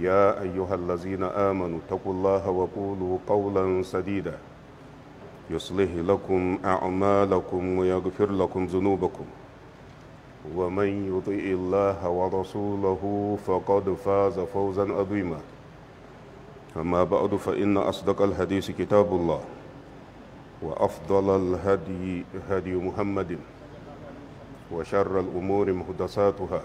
يا أيها الذين آمنوا اتقوا الله وقولوا قولا سديدا يصلح لكم أعمالكم ويغفر لكم ذنوبكم ومن يطع الله ورسوله فقد فاز فوزا عظيما أما بعد فإن أصدق الحديث كتاب الله وأفضل الهدي هدي محمد وشر الأمور محدثاتها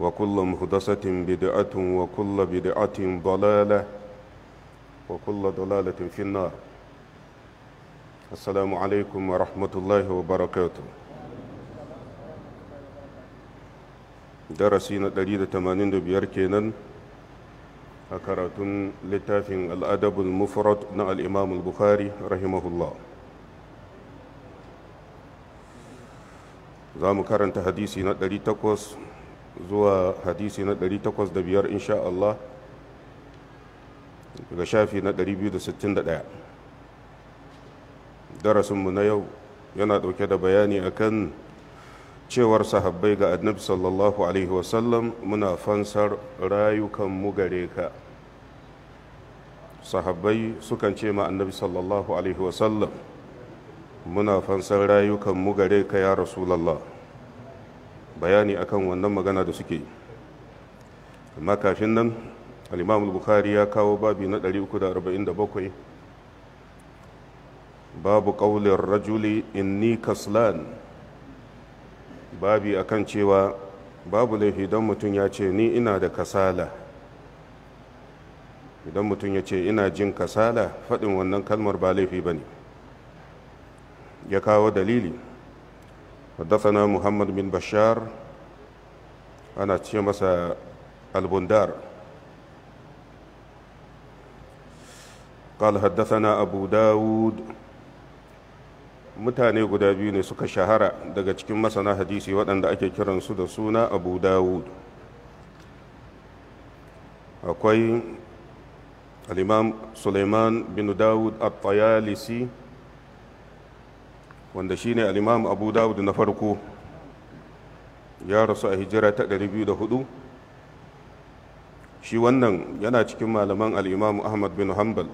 وكل مهدسة بدعة وكل بدعة ضلالة وكل ضلالة في النار السلام عليكم ورحمة الله وبركاته درسينا دليل تمانين بيار كينان أكرتم لتاف الأدب المفرد نا الإمام البخاري رحمه الله زام كرنت حديثي نا دليل تقوص zuwa hadisi na 805 insha Allah daga shafi na 261 darasinmu na yau yana ɗauke da bayani akan cewar sahabbai ga annabi sallallahu alaihi wasallam muna fansar rayukanmu gare ka sahabbai sukan ce ma annabi sallallahu alaihi wasallam muna fansar rayukanmu gare ka ya rasulallah bayani akan wannan magana da suke amma kafin nan al bukhari ya kawo babi na 347 babu ƙaunar rajuli inni kaslan babi akan cewa babu laifi don mutum ya ce ni ina da kasala idan mutum ya ce ina jin kasala faɗin wannan kalmar ba laifi ba ne ya kawo dalili حدثنا محمد بن بشار أنا ce البندار قال حدثنا أبو داود mutane guda biyu ne suka shahara daga cikin masana hadisi waɗanda ake kiransu da suna abu dawud akwai al'imam suleiman bin dawud at-tayalisi wanda shi ne al'imam abu dawud na farko ya rasu a hijira ta 204 shi wannan yana cikin malaman al'imam ahmad bin hanbal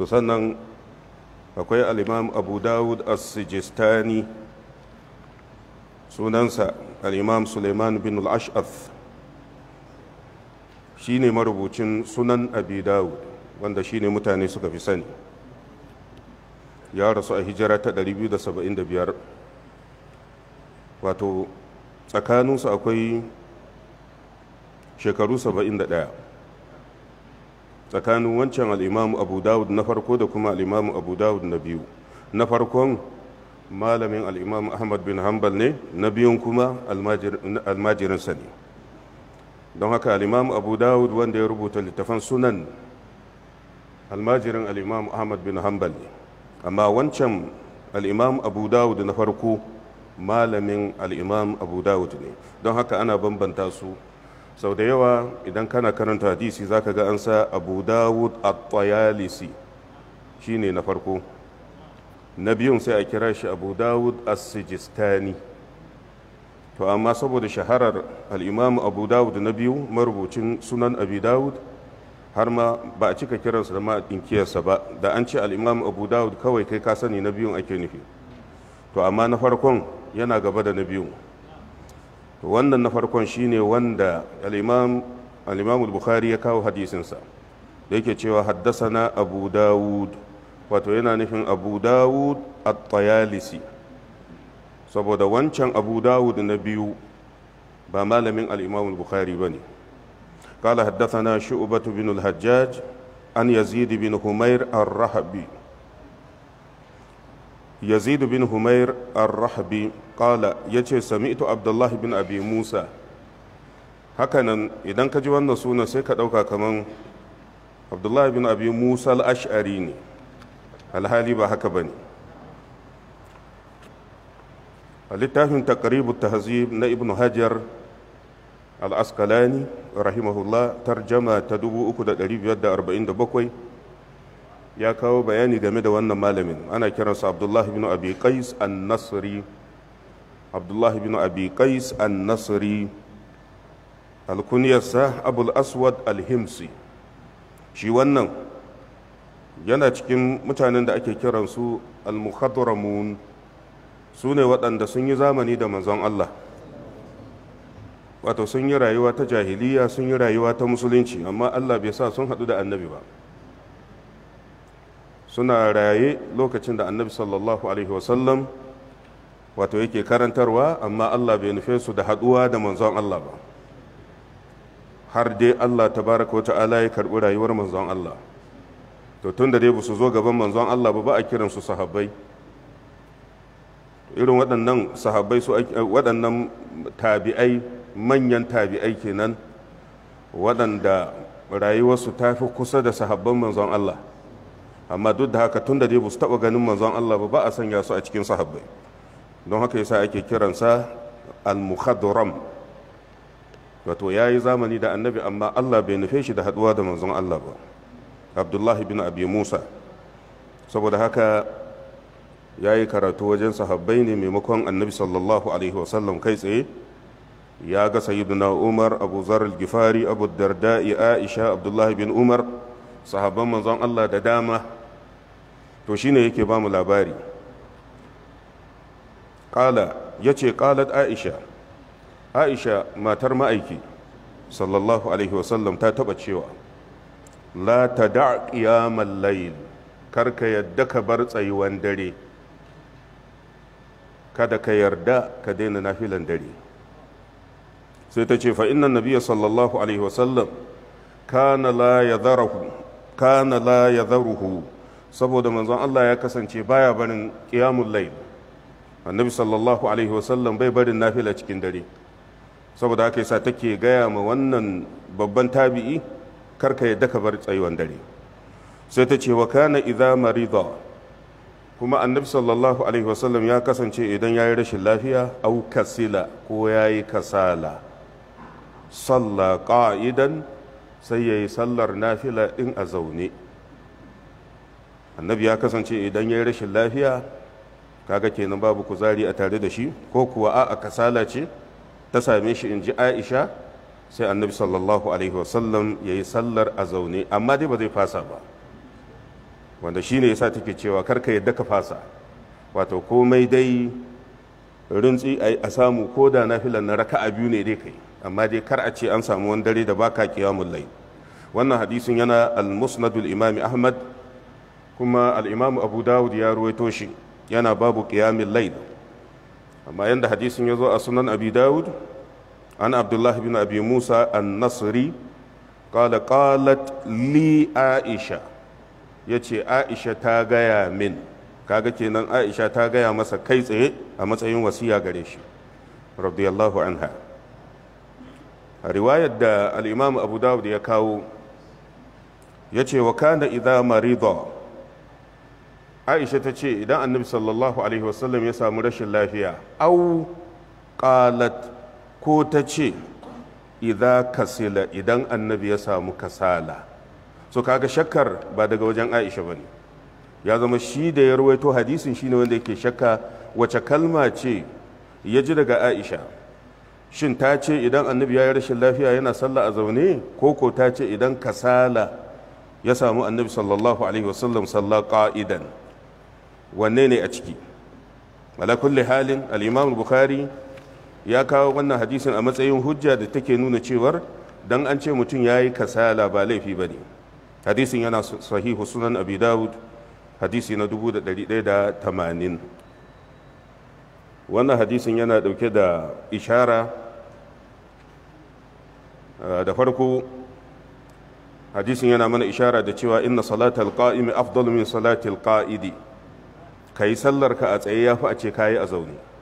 to sannan akwai al'imam abu dawud as-sijistani sunansa al'imam suleiman bin al shine marubucin sunan abi dawud wanda ne mutane suka fi sani ya rasu a hijira ta 275 wato tsakaninsu akwai shekaru 71 tsakanin wancan al'imamu abu dawud na farko da kuma al'imamu abu dawud na biyu na farkon malamin al'imamu ahmad bin hanbal ne na biyun kuma almajirinsa ne don haka al'imamu abu dawud wanda ya rubuta littafan sunan almajirin al'imamu ahmad bin hanbal ne amma wancan al'imam abu dawud na farko malamin al'imam abu dawud ne don haka ana bambanta su sau da yawa idan kana karanta hadisi za ka ga an sa abu dawud at-tayalisi shi ne na farko na biyun sai a kira shi abu dawud as-sijistani to amma saboda shaharar al'imam abu dawud na biyu marubucin sunan abu dawud har ma ba a cika kiransa da inkiyarsa ba da an ce al'imam abu dawud kawai kai ka sani na biyun ake nufi to amma na farkon yana gaba da na biyun wannan na farkon shine wanda al'imam al-bukhari ya kawo hadisinsa da yake cewa haddasana abu dawud wato yana nufin abu dawud at-tayalisi saboda wancan abu dawud na biyu ba malamin al'imam Bukhari al-bukhari bane قال حدثنا شعبة بن الحجاج عن يزيد بن همير الرهبي يزيد بن همير الرهبي قال يتي سمعت عبد الله بن أبي موسى hakanan idan ka ji wannan sunan sai ka ɗauka kaman abdullahi bin abi musa al-ash'ari ne alhali ba haka ba ne a littafin takaribu tahzib na ibn hajar al-askalani rahimahullah tarjama ta 3547 ya kawo bayani game da wannan malamin ana kiransa abdullahi bin abi qais an-nasri abdullahi bin abi qais an-nasri alkuniyarsa abul aswad al-himsi shi wannan yana cikin mutanen da ake kiransu al-mukhadramun su ne waɗanda sun yi zamani da manzon Allah wato sun yi rayuwa ta jahiliya sun yi rayuwa ta musulunci amma allah bai sa sun haɗu da annabi ba suna raye lokacin da annabi sallallahu alaihi wasallam wato yake karantarwa amma allah bai nufe su da haɗuwa da manzon allah ba har dai allah Ta wata wata'ala ya karɓi rayuwar manzon allah to tun da dai ba su zo gaban manzon allah ba ba a kiransu sahabbai irin waɗannan sahabbai su waɗannan tabi'ai manyan tabi'ai kenan waɗanda rayuwarsu ta fi kusa da sahabban manzon Allah amma duk da haka tun da dai su taɓa ganin manzon Allah ba a sanya su a cikin sahabbai don haka yasa ake kiransa al-mukhadram wato ya yi zamani da annabi amma Allah bai nufe shi da haɗuwa da manzon Allah ba abdullahi bin abi musa saboda haka ya yi karatu wajen sahabbai ne maimakon annabi sallallahu alaihi wasallam kai tsaye ya ga sayyiduna umar abu gifari abu darda'i aisha abdullahi bin umar sahabban manzon allah da dama to shine yake ba mu labari ƙala ya ce ƙalat aisha aisha matar ma'aiki sallallahu alaihi wasallam ta taɓa cewa la ta da ƙiyamar Kar karka yadda ka bar tsayuwan dare kada ka yarda ka daina nafilan dare sai ta ce fa inna nabiyya sallallahu alaihi wasallam kana la yadharuhu kana la saboda manzon Allah ya kasance baya barin ƙiyamun layl annabi sallallahu alaihi wasallam bai barin nafila cikin dare saboda haka yasa take gaya ma wannan babban tabi'i karka yadda ka bar tsayuwan dare sai ta ce wa kana idza marida kuma annabi sallallahu alaihi wasallam ya kasance idan yayi rashin lafiya au kasila ko yayi kasala salla ƙa'idan sai ya yi sallar nafila in a zaune annabi ya kasance idan ya yi rashin lafiya kaga kenan babu kuzari a tare da shi ko kuwa a kasala ce ta same shi in ji aisha sai annabi sallallahu alaihi wasallam ya yi sallar a zaune amma dai ba zai fasa ba wanda shi ne sa take cewa karka yadda ka fasa wato komai dai rintsi a samu ko da na filan na raka'a biyu ne dai kai amma dai kar a ce an samu wani dare da baka qiyamul lai wannan hadisin yana al musnadul imami ahmad kuma al-imam abu dawud ya ruwaito shi yana babu qiyamul layl amma yanda hadisin ya zo a sunan abi dawud an abdullahi bin abi musa an-nasri qala qalat li aisha yace aisha ta gaya min kaga kenan aisha ta gaya masa kai tsaye a matsayin wasiya gare shi radiyallahu anha riwayar da al'imamu abu dawud ya kawo ya ce wa kana idha marida aisha ta ce idan annabi sallallahu alaihi wasallam ya samu rashin lafiya au qalat ko ta ce idha kasila idan annabi ya samu kasala so kaga shakkar ba daga wajen aisha ba ne ya zama shi da ya ruwaito hadisin ne wanda yake shakka wace kalma ce ya ji daga aisha shin ta ce idan annabi ya yi rashin lafiya yana sallah a zaune ko ko ta ce idan kasala ya samu annabi sallallahu alaihi wasallam sallah qa'idan wanne ne a ciki ala kulli halin al-imam bukhari ya kawo wannan hadisin a matsayin hujja da take nuna cewar dan an ce mutum ya yi kasala ba laifi ba ne hadisin yana sahihu sunan abi dawud hadisi na 1180 wannan hadisin yana dauke da ishara Eh, da farko hadisin yana mana ishara da cewa inna salatal qa'imi afdalu min salatil qa'idi kai sallarka ka a tsaye yafi a ce kayi a zaune